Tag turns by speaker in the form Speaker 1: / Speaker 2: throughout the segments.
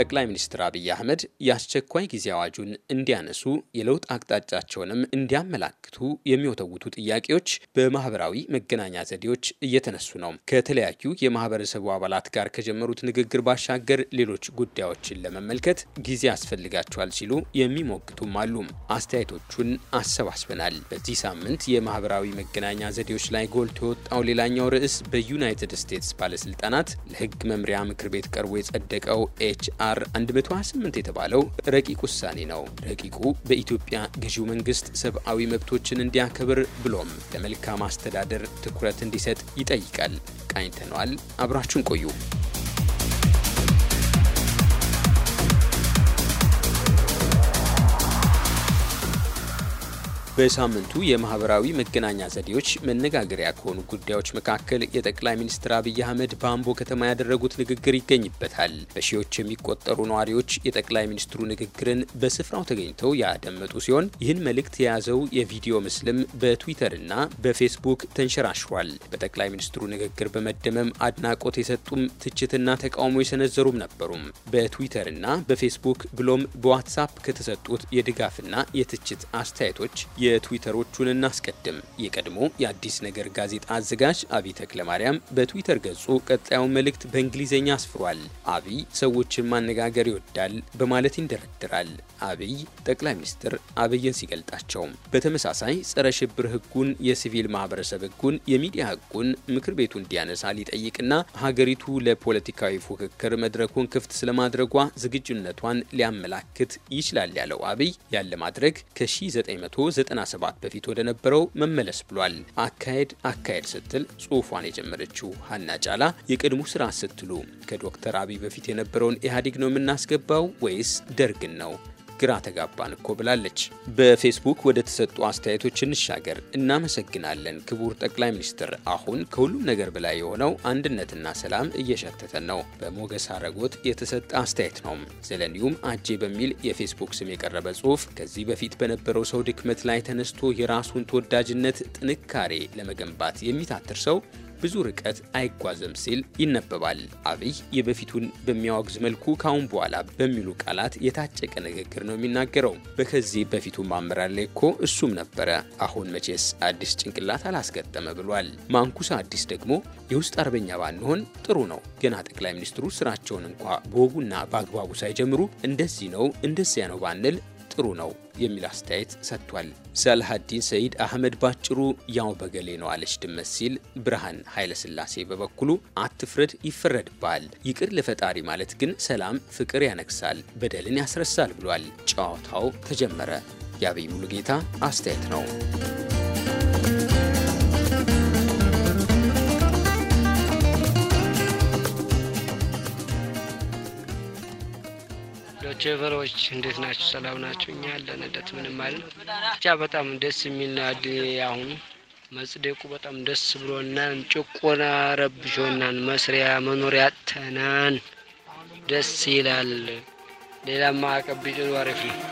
Speaker 1: ጠቅላይ ሚኒስትር አብይ አህመድ የአስቸኳይ ጊዜ አዋጁን እንዲያነሱ የለውጥ አቅጣጫቸውንም እንዲያመላክቱ የሚወተውቱ ጥያቄዎች በማህበራዊ መገናኛ ዘዴዎች እየተነሱ ነው። ከተለያዩ የማህበረሰቡ አባላት ጋር ከጀመሩት ንግግር ባሻገር ሌሎች ጉዳዮችን ለመመልከት ጊዜ ያስፈልጋቸዋል ሲሉ የሚሞግቱም አሉ። አስተያየቶቹን አሰባስበናል። በዚህ ሳምንት የማህበራዊ መገናኛ ዘዴዎች ላይ ጎልቶ የወጣው ሌላኛው ርዕስ በዩናይትድ ስቴትስ ባለስልጣናት ለህግ መምሪያ ምክር ቤት ቀርቦ የጸደቀው ኤች አር 128 የተባለው ረቂቅ ውሳኔ ነው። ረቂቁ በኢትዮጵያ ገዢው መንግስት ሰብአዊ መብቶችን እንዲያከብር ብሎም ለመልካም አስተዳደር ትኩረት እንዲሰጥ ይጠይቃል። ቃኝተነዋል። አብራችሁን ቆዩ። በሳምንቱ የማህበራዊ መገናኛ ዘዴዎች መነጋገሪያ ከሆኑ ጉዳዮች መካከል የጠቅላይ ሚኒስትር አብይ አህመድ በአምቦ ከተማ ያደረጉት ንግግር ይገኝበታል። በሺዎች የሚቆጠሩ ነዋሪዎች የጠቅላይ ሚኒስትሩ ንግግርን በስፍራው ተገኝተው ያደመጡ ሲሆን ይህን መልእክት የያዘው የቪዲዮ ምስልም በትዊተርና በፌስቡክ ተንሸራሽሯል። በጠቅላይ ሚኒስትሩ ንግግር በመደመም አድናቆት የሰጡም ትችትና ተቃውሞ የሰነዘሩም ነበሩም። በትዊተርና በፌስቡክ ብሎም በዋትሳፕ ከተሰጡት የድጋፍና የትችት አስተያየቶች የትዊተሮቹን እናስቀድም። የቀድሞ የአዲስ ነገር ጋዜጣ አዘጋጅ አቢ ተክለማርያም በትዊተር ገጹ ቀጣዩን መልእክት በእንግሊዝኛ አስፍሯል። አብይ ሰዎችን ማነጋገር ይወዳል በማለት ይንደረድራል። አብይ ጠቅላይ ሚኒስትር አብይን ሲገልጣቸው፣ በተመሳሳይ ጸረ ሽብር ህጉን፣ የሲቪል ማህበረሰብ ህጉን፣ የሚዲያ ህጉን ምክር ቤቱ እንዲያነሳ ሊጠይቅና ሀገሪቱ ለፖለቲካዊ ፉክክር መድረኩን ክፍት ስለማድረጓ ዝግጁነቷን ሊያመላክት ይችላል ያለው አብይ ያለ ማድረግ ከ1990 97 በፊት ወደ ነበረው መመለስ ብሏል። አካሄድ አካሄድ ስትል ጽሁፏን የጀመረችው ሀና ጫላ የቅድሙ ስራ ስትሉ ከዶክተር አብይ በፊት የነበረውን ኢህአዴግ ነው የምናስገባው ወይስ ደርግን ነው ግራ ተጋባን እኮ ብላለች። በፌስቡክ ወደ ተሰጡ አስተያየቶች እንሻገር። እናመሰግናለን ክቡር ጠቅላይ ሚኒስትር። አሁን ከሁሉም ነገር በላይ የሆነው አንድነትና ሰላም እየሸተተን ነው። በሞገስ አረጎት የተሰጠ አስተያየት ነው። ዘለኒውም አጄ በሚል የፌስቡክ ስም የቀረበ ጽሁፍ ከዚህ በፊት በነበረው ሰው ድክመት ላይ ተነስቶ የራሱን ተወዳጅነት ጥንካሬ ለመገንባት የሚታትር ሰው ብዙ ርቀት አይጓዝም ሲል ይነበባል። አብይ የበፊቱን በሚያወግዝ መልኩ ካሁን በኋላ በሚሉ ቃላት የታጨቀ ንግግር ነው የሚናገረው። በከዚህ በፊቱ ማመራር ላይ እኮ እሱም ነበረ። አሁን መቼስ አዲስ ጭንቅላት አላስገጠመ ብሏል። ማንኩስ አዲስ ደግሞ የውስጥ አርበኛ ባንሆን ጥሩ ነው። ገና ጠቅላይ ሚኒስትሩ ስራቸውን እንኳ በወጉና በአግባቡ ሳይጀምሩ እንደዚህ ነው እንደዚያ ነው ባንል ጥሩ ነው የሚል አስተያየት ሰጥቷል። ሳልሃዲን ሰይድ አህመድ ባጭሩ ያው በገሌ ነው አለች ድመት ሲል፣ ብርሃን ኃይለስላሴ በበኩሉ አትፍረድ ይፈረድባል፣ ይቅር ለፈጣሪ ማለት ግን ሰላም፣ ፍቅር ያነግሳል፣ በደልን ያስረሳል ብሏል። ጨዋታው ተጀመረ። የአብይ ሙሉጌታ አስተያየት ነው። ቼቨሮች እንዴት ናቸው? ሰላም ናቸው። እኛ ያለን እንደት ምንም አይልም። ብቻ በጣም ደስ የሚልና አሁኑ መጽደቁ በጣም ደስ ብሎናን። ጭቆና ረብሾናን፣ መስሪያ መኖሪያ ተናን ደስ ይላል። ሌላማ ማዕቀብ ቢጭኑ አሪፍ ነው።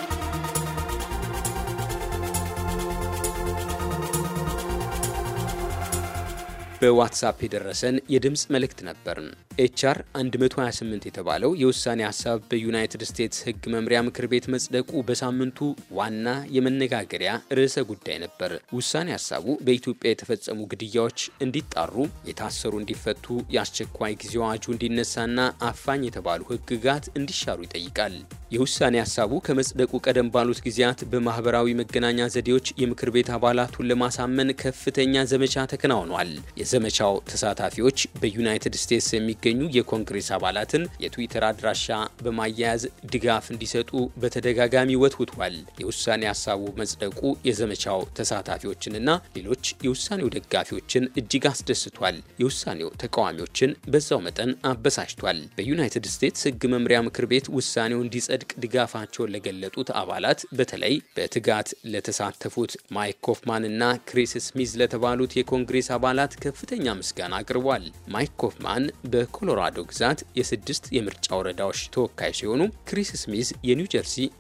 Speaker 1: በዋትሳፕ የደረሰን የድምፅ መልእክት ነበር። ኤችአር 128 የተባለው የውሳኔ ሀሳብ በዩናይትድ ስቴትስ ሕግ መምሪያ ምክር ቤት መጽደቁ በሳምንቱ ዋና የመነጋገሪያ ርዕሰ ጉዳይ ነበር። ውሳኔ ሀሳቡ በኢትዮጵያ የተፈጸሙ ግድያዎች እንዲጣሩ፣ የታሰሩ እንዲፈቱ፣ የአስቸኳይ ጊዜ አዋጁ እንዲነሳና አፋኝ የተባሉ ሕግጋት እንዲሻሩ ይጠይቃል። የውሳኔ ሀሳቡ ከመጽደቁ ቀደም ባሉት ጊዜያት በማህበራዊ መገናኛ ዘዴዎች የምክር ቤት አባላቱን ለማሳመን ከፍተኛ ዘመቻ ተከናውኗል። የዘመቻው ተሳታፊዎች በዩናይትድ ስቴትስ የሚገኙ የኮንግሬስ አባላትን የትዊተር አድራሻ በማያያዝ ድጋፍ እንዲሰጡ በተደጋጋሚ ወትውቷል። የውሳኔ ሀሳቡ መጽደቁ የዘመቻው ተሳታፊዎችንና ሌሎች የውሳኔው ደጋፊዎችን እጅግ አስደስቷል። የውሳኔው ተቃዋሚዎችን በዛው መጠን አበሳጭቷል። በዩናይትድ ስቴትስ ሕግ መምሪያ ምክር ቤት ውሳኔው እንዲጸድቅ ድጋፋቸውን ለገለጡት አባላት በተለይ በትጋት ለተሳተፉት ማይክ ኮፍማን እና ክሪስ ስሚዝ ለተባሉት የኮንግሬስ አባላት ከፍ ከፍተኛ ምስጋና አቅርቧል። ማይክ ኮፍማን በኮሎራዶ ግዛት የስድስት የምርጫ ወረዳዎች ተወካይ ሲሆኑ ክሪስ ስሚዝ የኒው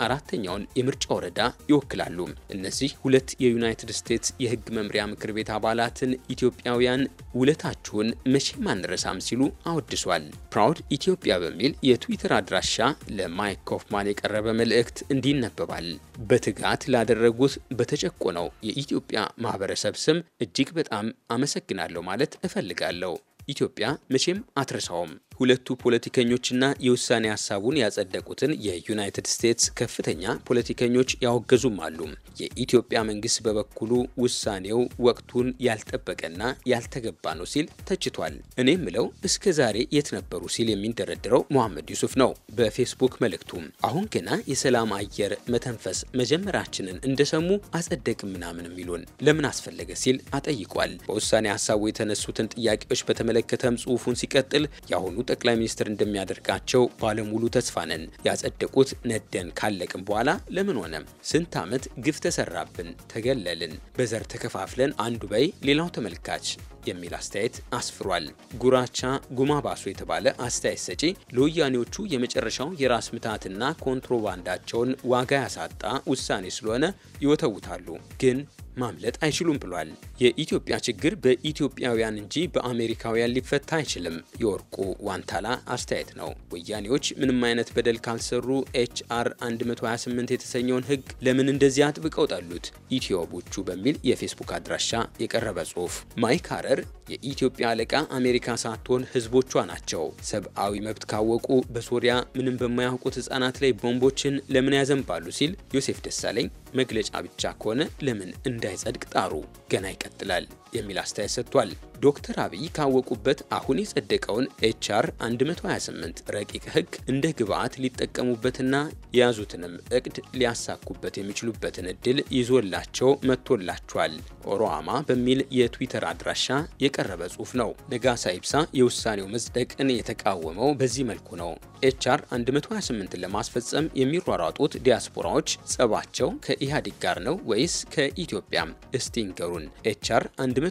Speaker 1: አራተኛውን የምርጫ ወረዳ ይወክላሉ። እነዚህ ሁለት የዩናይትድ ስቴትስ የህግ መምሪያ ምክር ቤት አባላትን ኢትዮጵያውያን ውለታችሁን መቼም አንረሳም ሲሉ አወድሷል። ፕራውድ ኢትዮጵያ በሚል የትዊተር አድራሻ ለማይክ ኮፍማን የቀረበ መልእክት እንዲነበባል። በትጋት ላደረጉት በተጨቆነው የኢትዮጵያ ማህበረሰብ ስም እጅግ በጣም አመሰግናለሁ ማለት እፈልጋለሁ። ኢትዮጵያ መቼም አትረሳውም። ሁለቱ ፖለቲከኞችና የውሳኔ ሀሳቡን ያጸደቁትን የዩናይትድ ስቴትስ ከፍተኛ ፖለቲከኞች ያወገዙም አሉ። የኢትዮጵያ መንግስት በበኩሉ ውሳኔው ወቅቱን ያልጠበቀና ያልተገባ ነው ሲል ተችቷል። እኔ ምለው እስከ ዛሬ የት ነበሩ ሲል የሚንደረድረው መሐመድ ዩሱፍ ነው በፌስቡክ መልእክቱ። አሁን ገና የሰላም አየር መተንፈስ መጀመራችንን እንደሰሙ አጸደቅም ምናምን የሚሉን ለምን አስፈለገ ሲል አጠይቋል። በውሳኔ ሀሳቡ የተነሱትን ጥያቄዎች በተመለከተም ጽሁፉን ሲቀጥል የአሁኑ ጠቅላይ ሚኒስትር እንደሚያደርጋቸው ባለሙሉ ተስፋ ነን። ያጸደቁት ነደን ካለቅን በኋላ ለምን ሆነ? ስንት ዓመት ግፍ ተሰራብን፣ ተገለልን፣ በዘር ተከፋፍለን አንዱ በይ ሌላው ተመልካች የሚል አስተያየት አስፍሯል። ጉራቻ ጉማ ባሶ የተባለ አስተያየት ሰጪ ለወያኔዎቹ የመጨረሻው የራስ ምታትና ኮንትሮባንዳቸውን ዋጋ ያሳጣ ውሳኔ ስለሆነ ይወተውታሉ ግን ማምለጥ አይችሉም ብሏል። የኢትዮጵያ ችግር በኢትዮጵያውያን እንጂ በአሜሪካውያን ሊፈታ አይችልም። የወርቁ ዋንታላ አስተያየት ነው። ወያኔዎች ምንም አይነት በደል ካልሰሩ ኤችአር 128 የተሰኘውን ህግ ለምን እንደዚያ አጥብቀው ጠሉት? ኢትዮቦቹ በሚል የፌስቡክ አድራሻ የቀረበ ጽሁፍ። ማይክ ሀረር የኢትዮጵያ አለቃ አሜሪካ ሳትሆን ህዝቦቿ ናቸው። ሰብአዊ መብት ካወቁ በሶሪያ ምንም በማያውቁት ህጻናት ላይ ቦምቦችን ለምን ያዘንባሉ ሲል ዮሴፍ ደሳለኝ መግለጫ ብቻ ከሆነ ለምን እንዳይጸድቅ ጣሩ። ገና ይቀጥላል። የሚል አስተያየት ሰጥቷል። ዶክተር አብይ ካወቁበት አሁን የጸደቀውን ኤችአር 128 ረቂቅ ህግ እንደ ግብዓት ሊጠቀሙበትና የያዙትንም እቅድ ሊያሳኩበት የሚችሉበትን እድል ይዞላቸው መጥቶላቸዋል። ኦሮአማ በሚል የትዊተር አድራሻ የቀረበ ጽሁፍ ነው። ነጋሳ ይብሳ የውሳኔው መጽደቅን የተቃወመው በዚህ መልኩ ነው። ኤችአር 128ን ለማስፈጸም የሚሯሯጡት ዲያስፖራዎች ጸባቸው ከኢህአዴግ ጋር ነው ወይስ ከኢትዮጵያ? እስቲ ንገሩን። ኤችአር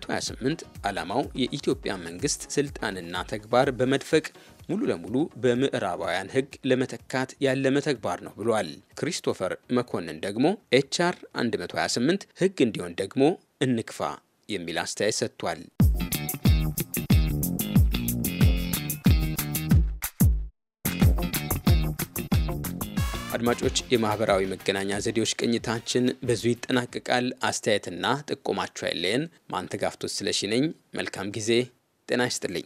Speaker 1: 128 ዓላማው የኢትዮጵያ መንግስት ስልጣንና ተግባር በመድፈቅ ሙሉ ለሙሉ በምዕራባውያን ህግ ለመተካት ያለመ ተግባር ነው ብሏል። ክሪስቶፈር መኮንን ደግሞ ኤችአር 128 ህግ እንዲሆን ደግሞ እንክፋ የሚል አስተያየት ሰጥቷል። አድማጮች፣ የማህበራዊ መገናኛ ዘዴዎች ቅኝታችን ብዙ ይጠናቀቃል። አስተያየትና ጥቆማችሁ አይለየን። ማንተጋፍቶት ስለሺ ነኝ። መልካም ጊዜ። ጤና ይስጥልኝ።